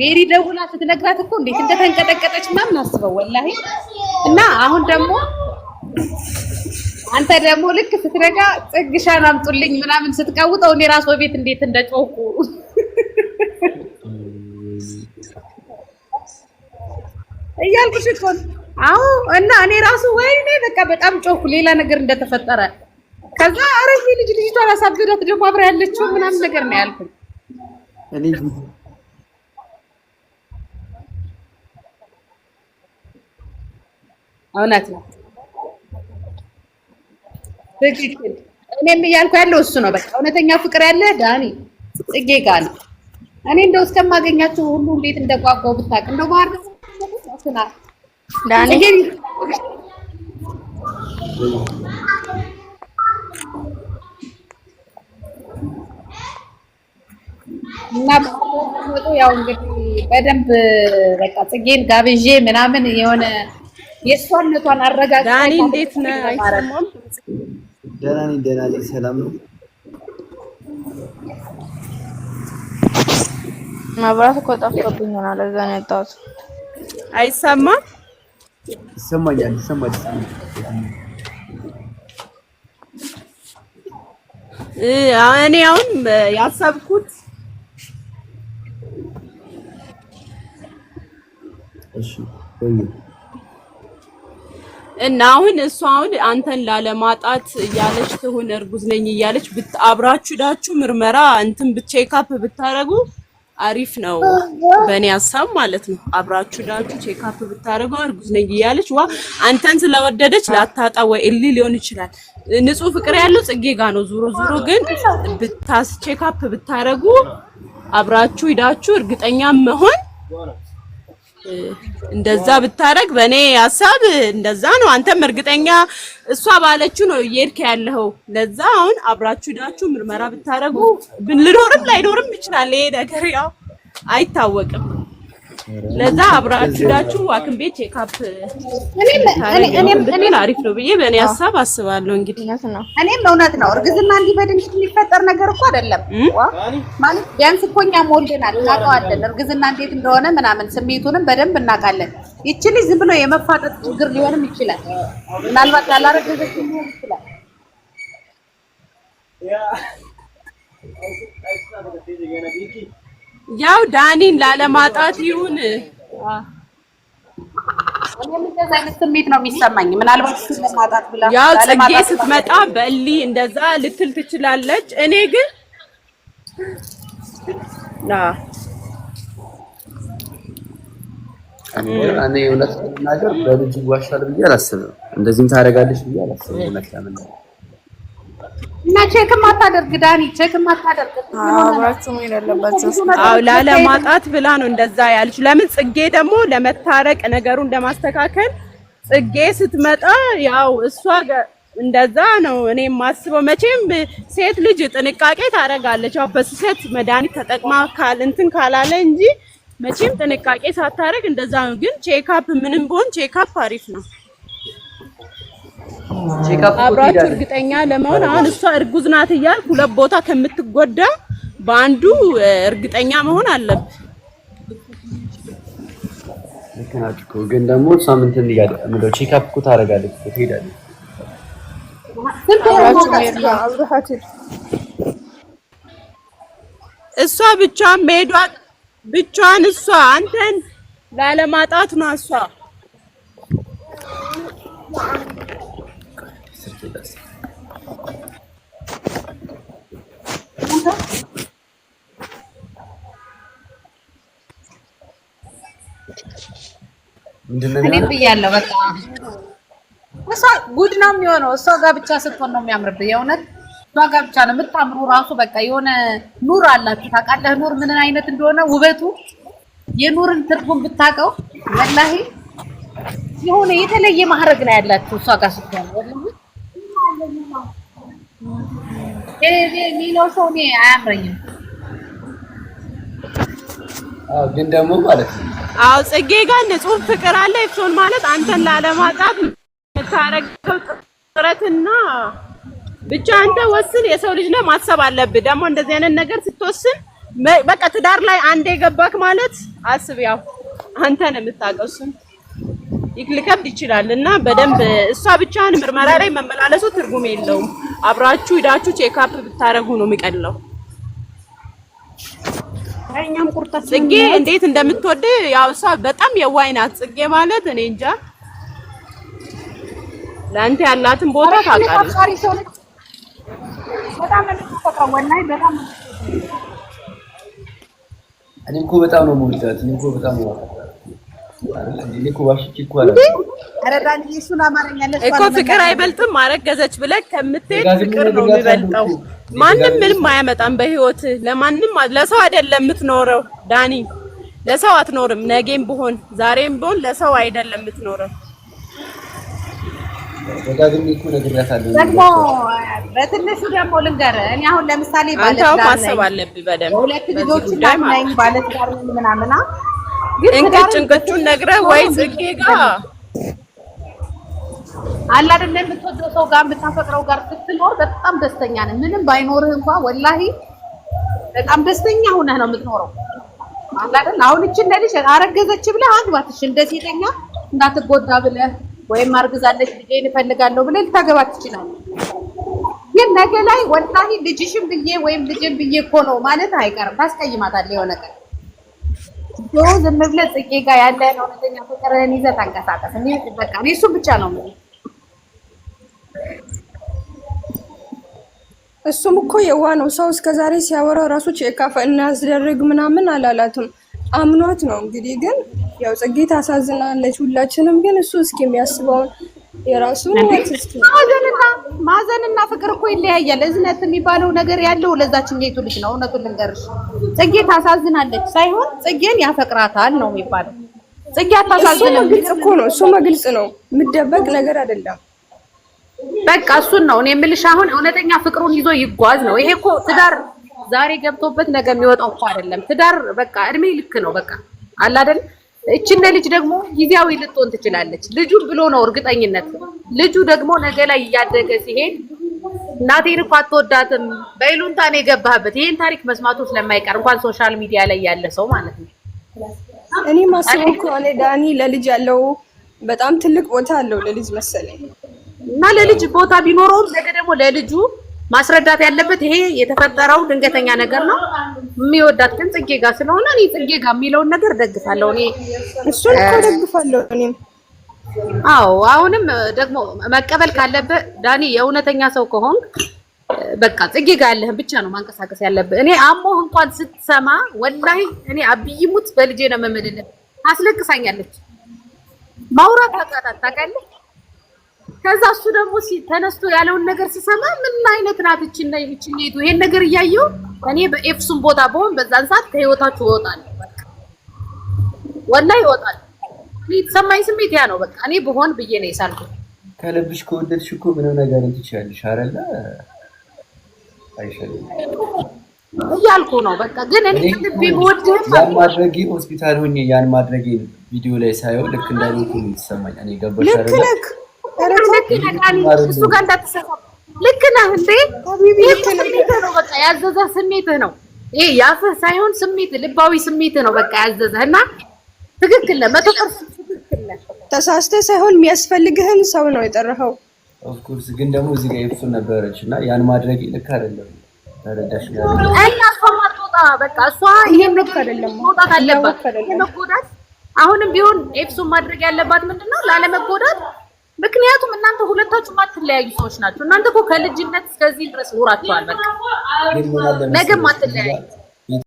ሜሪ ደውላ ስትነግራት እኮ እንዴት እንደተንቀጠቀጠች ምናምን አስበው ወላሂ። እና አሁን ደግሞ አንተ ደግሞ ልክ ስትነጋ ጽግሻን አምጡልኝ ምናምን ስትቀውጠው እኔ ራስ ቤት እንዴት እንደጮኩ እያልኩሽ እኮ አዎ። እና እኔ ራሱ ወይኔ በቃ በጣም ጮኩ፣ ሌላ ነገር እንደተፈጠረ። ከዛ አረፊ ልጅ ልጅቷ ራሳብዳት ደግሞ አብራ ያለችው ምናምን ነገር ነው ያልኩኝ እኔ እውነት ነው። ትክክል። እኔም እያልኩ ያለው እሱ ነው። በቃ እውነተኛ ፍቅር ያለ ዳኒ ጽጌ ጋ ነው። እኔ እንደው እስከማገኛቸው ሁሉ እንዴት እንደጓጓው ብታውቅ። እንደው ባህር ዳኒ እና ያው እንግዲህ በደንብ በቃ ጽጌን ጋብዤ ምናምን የሆነ የእሷነቷን አረጋግጠን ዳኒ እንዴት ነህ? አይሰማም። ደህና ነኝ፣ ደህና ነኝ። ሰላም ነው። መብራት እኮ ጠፍቶብኝ ይሆናል። እዛ ነው ያጣሁት። አይሰማም? ይሰማኛል፣ ይሰማል። እኔ አሁን ያሰብኩት እሺ እና አሁን እሷ አሁን አንተን ላለማጣት እያለች ትሁን እርጉዝ ነኝ እያለች አብራችሁ ዳችሁ ምርመራ እንትን ብቼካፕ ብታረጉ አሪፍ ነው፣ በእኔ ሀሳብ ማለት ነው። አብራችሁ ዳችሁ ቼካፕ ብታረጉ እርጉዝ ነኝ እያለች ዋ አንተን ስለወደደች ላታጣ ወይ እሊ ሊሆን ይችላል። ንጹህ ፍቅር ያለው ጽጌ ጋ ነው። ዙሮ ዙሮ ግን ብታስ ቼካፕ ብታረጉ አብራችሁ ሂዳችሁ እርግጠኛ መሆን እንደዛ ብታረግ በእኔ ሀሳብ እንደዛ ነው። አንተም እርግጠኛ እሷ ባለችው ነው እየሄድክ ያለኸው። ለዛ አሁን አብራችሁ ሄዳችሁ ምርመራ ብታረጉ ብንልኖርም ላይኖርም ይችላል። ይሄ ነገር ያው አይታወቅም። ለዛ አብራችሁ ሄዳችሁ ሐኪም ቤት ቼክአፕ ብትል አሪፍ ነው ብዬ በእኔ ሀሳብ አስባለሁ። እንግዲህ እኔም እውነት ነው እርግዝና እንዲህ በድንገት የሚፈጠር ነገር እኮ አይደለም። ማለት ቢያንስ እኮ እኛም ወልደናል፣ እናውቀዋለን እርግዝና እንዴት እንደሆነ ምናምን ስሜቱንም በደንብ እናውቃለን። ይቺ ልጅ ዝም ብሎ የመፋጠጥ ችግር ሊሆንም ይችላል፣ ምናልባት ያላረገዘች ሊሆን ይችላል። ያ ያው ዳኒን ላለማጣት ይሁን ስሜት ነው የሚሰማኝ። ምናልባት ያው ጽጌ ስትመጣ በእሊ እንደዛ ልትል ትችላለች። እኔ ግን እኔ እውነት ነገር በልጅ ይዋሻል ብዬ አላስብም። እንደዚህም ታደርጋለች ብዬ አላስብም። እና ቼክም አታደርግ ዳኒ፣ ቼክም አታደርግ። ላለማጣት ብላ ነው እንደዛ ያለች። ለምን ጽጌ ደግሞ ለመታረቅ ነገሩን ለማስተካከል ጽጌ ስትመጣ ያው እሷ እንደዛ ነው እኔ የማስበው። መቼም ሴት ልጅ ጥንቃቄ ታደርጋለች። ያው በስሰት መድኃኒት ተጠቅማ ካል እንትን ካላለ እንጂ መቼም ጥንቃቄ ሳታደርግ እንደዛ ነው። ግን ቼክአፕ ምንም ቢሆን ቼክአፕ አሪፍ ነው። አብራችሁ እርግጠኛ ለመሆን አሁን እሷ እርጉዝ ናት እያልክ ሁለት ቦታ ከምትጎዳ በአንዱ እርግጠኛ መሆን አለብህ። ልክ ናችሁ እኮ ግን ደግሞ ሳምንት እንዲያደምደው ቼክአፕ እኮ ታደርጋለች እኮ ትሄዳለች። እሷ ብቻዋን መሄዷ ብቻዋን እሷ አንተን ላለማጣት ነው እሷ መመለስ ምንድነው ብያለሁ። በቃ እሷ ጉድ ነው የሚሆነው። እሷ ጋር ብቻ ስትሆን ነው የሚያምርብህ። የእውነት እሷ ጋር ብቻ ነው የምታምሩ። ራሱ በቃ የሆነ ኑር አላችሁ። ታውቃለህ ኑር ምን አይነት እንደሆነ ውበቱ የኑርን ትርጉም ብታውቀው ወላሂ የሆነ የተለየ ማህረግ ነው ያላችሁ እሷ ጋር ስትሆን ሌላው አያምረኝም። ግን ደግሞ ማለት ነው አዎ ጽጌ ጋር ንጹህ ፍቅር አለ። ኤፍሶን ማለት አንተን ላለማጣት የምታረገው ጥረትና ብቻ አንተ ወስን፣ የሰው ልጅ ነው ማሰብ አለብህ። ደግሞ እንደዚህ አይነት ነገር ስትወስን በቃ ትዳር ላይ አንዴ የገባክ ማለት አስብ፣ ያው አንተ ነው የምታውቀው። እሱን ይክልከብድ ይችላል እና በደንብ እሷ ብቻህን ምርመራ ላይ መመላለሱ ትርጉም የለውም። አብራችሁ ሂዳችሁ ቼክአፕ ብታረጉ ነው የሚቀለው። አይኛም ቁርጣ ጽጌ እንዴት እንደምትወድ ያው እሷ በጣም የዋህ ጽጌ ማለት እኔ እንጃ ለአንተ ያላትን ቦታ ታውቃለች። እኔ እኮ በጣም ነው የምወዳት። እኔ እኮ በጣም ነው እኮ ፍቅር አይበልጥም አረገዘች ብለህ ከምትሄድ ፍቅር ነው የሚበልጠው። ማንም ምንም አያመጣም በህይወት ለማንም ለሰው አይደለም የምትኖረው ዳኒ፣ ለሰው አትኖርም። ነገም ብሆን ዛሬም ብሆን ለሰው አይደለም የምትኖረው። ደግሞ በትንሹ ደግሞ ልንገርህ፣ እኔ አሁን ለምሳሌ ባለትዳር ነኝ፣ ማሰብ አለብኝ በደምብ ሁለት ልጆች ነኝ፣ ባለትዳር ነኝ ምናምና እንቅጭ እንቅጩን ነግረህ ወይ ጽጌ ጋር አለ አይደለ የምትወደው ሰው ጋር የምታፈቅረው ጋር ስትኖር በጣም ደስተኛ ነህ። ምንም ባይኖርህ እንኳን ወላሂ በጣም ደስተኛ ሆነህ ነው የምትኖረው። አለ አሁን እቺ ለልጅ አረገዘች ብለህ አግባትሽ እንደ ሴተኛ እንዳትጎዳ ብለህ ወይም አርግዛለች ልጄ እፈልጋለሁ ብለህ ልታገባት ትችላለህ። ግን ነገ ላይ ወላሂ ልጅሽም ብዬ ወይም ልጅም ብዬ እኮ ነው ማለት አይቀርም። ታስቀይማታለህ የሆነ ቀን ዝም ብለህ ጽጌ ጋር ያለህን እውነተኛ ፍቅርህን ይዘህ ተንቀሳቀስ። በቃ እኔ እሱን ብቻ ነው የምልህ እሱም እኮ የዋ ነው ሰው እስከዛሬ ሲያወራው ራሱ ቼካፍ እናስደርግ ምናምን አላላትም። አምኗት ነው እንግዲህ። ግን ያው ጽጌ ታሳዝናለች ሁላችንም። ግን እሱ እስኪ የሚያስበውን የራሱ ማዘንና ፍቅር እኮ ይለያያል። እዝነት የሚባለው ነገር ያለው ጌቱ ልጅ ነው። እውነቱን ልንገርሽ፣ ጽጌ ታሳዝናለች ሳይሆን ጽጌን ያፈቅራታል ነው የሚባለው። ጽጌ አታሳዝንም እኮ ነው። እሱማ ግልጽ ነው። የምደበቅ ነገር አይደለም። በቃ እሱን ነው እኔ የምልሽ። አሁን እውነተኛ ፍቅሩን ይዞ ይጓዝ ነው። ይሄ እኮ ትዳር ዛሬ ገብቶበት ነገ የሚወጣው እኮ አይደለም። ትዳር በቃ እድሜ ልክ ነው። በቃ አለ አይደል? እችነ ልጅ ደግሞ ጊዜያዊ ልትሆን ትችላለች። ልጁ ብሎ ነው እርግጠኝነት። ልጁ ደግሞ ነገ ላይ እያደገ ሲሄድ እናቴን እኮ አትወዳትም በይሉንታ ነው የገባህበት። ይሄን ታሪክ መስማቱ ስለማይቀር እንኳን ሶሻል ሚዲያ ላይ ያለ ሰው ማለት ነው። እኔ ማስበው ከሆነ ዳኒ ለልጅ ያለው በጣም ትልቅ ቦታ አለው ለልጅ መሰለኝ እና ለልጅ ቦታ ቢኖረውም ነገ ደግሞ ለልጁ ማስረዳት ያለበት ይሄ የተፈጠረው ድንገተኛ ነገር ነው። የሚወዳት ግን ጽጌ ጋር ስለሆነ እኔ ጽጌ ጋር የሚለውን ነገር ደግፋለሁ። እኔ እሱን እኮ ደግፋለሁ። እኔም አዎ። አሁንም ደግሞ መቀበል ካለብህ ዳኒ የእውነተኛ ሰው ከሆንክ በቃ ጽጌ ጋር ያለህን ብቻ ነው ማንቀሳቀስ ያለብህ። እኔ አሞህ እንኳን ስትሰማ ወላይ እኔ አብይሙት በልጄ ነው የምምልልህ። አስለቅሳኛለች። ማውራት አቃታት ታውቃለህ ከዛ እሱ ደግሞ ተነስቶ ያለውን ነገር ሲሰማ ምን አይነት ናት እችን ላይ እችን ሄዱ ይሄን ነገር እያየው እኔ በኤፍሱን ቦታ በሆን በዛን ሰዓት ከህይወታችሁ ይወጣል፣ ወላሂ ይወጣል። የተሰማኝ ስሜት ያ ነው። በቃ እኔ በሆን ብዬ ነው የሳልኩት። ከልብሽ ከወደድሽ እኮ ምንም ነገር እንትችያለሽ አይደለ? አይሸልም እያልኩ ነው። በቃ ግን እኔ ልቤ ወድህ ያን ማድረጌ ሆስፒታል ሆኜ ያን ማድረጌ ቪዲዮ ላይ ሳየው ልክ እንዳልኩ ነው የተሰማኝ እኔ ገባሽ አይደለ? ልክ ልክ ልክ ይነግራል። እሱ ጋር እንዳትሰራ ልክ ነህ እንዴ? ስሜትህ ነው በቃ ያዘዘህ ስሜትህ ነው። ይሄ ያፍህ ሳይሆን ስሜትህ ልባዊ ስሜት ነው በቃ ያዘዘህ እና ትክክል ነህ። መቶ ፐርሰንት ትክክል ነህ። ተሳስተህ ሳይሆን የሚያስፈልግህን ሰው ነው የጠራኸው። ኦፍኮርስ ግን ደግሞ እዚህ ጋር የእሱ ነበረች እና ያን ማድረግ ልክ አይደለም። አሁንም ቢሆን ኤፍሱን ማድረግ ያለባት ምንድን ነው ላለመጎዳት ምክንያቱም እናንተ ሁለታችሁ ማትለያዩ ሰዎች ናቸው። እናንተ እኮ ከልጅነት እስከዚህ ድረስ ኖራችኋል። በቃ ነገ ማትለያዩ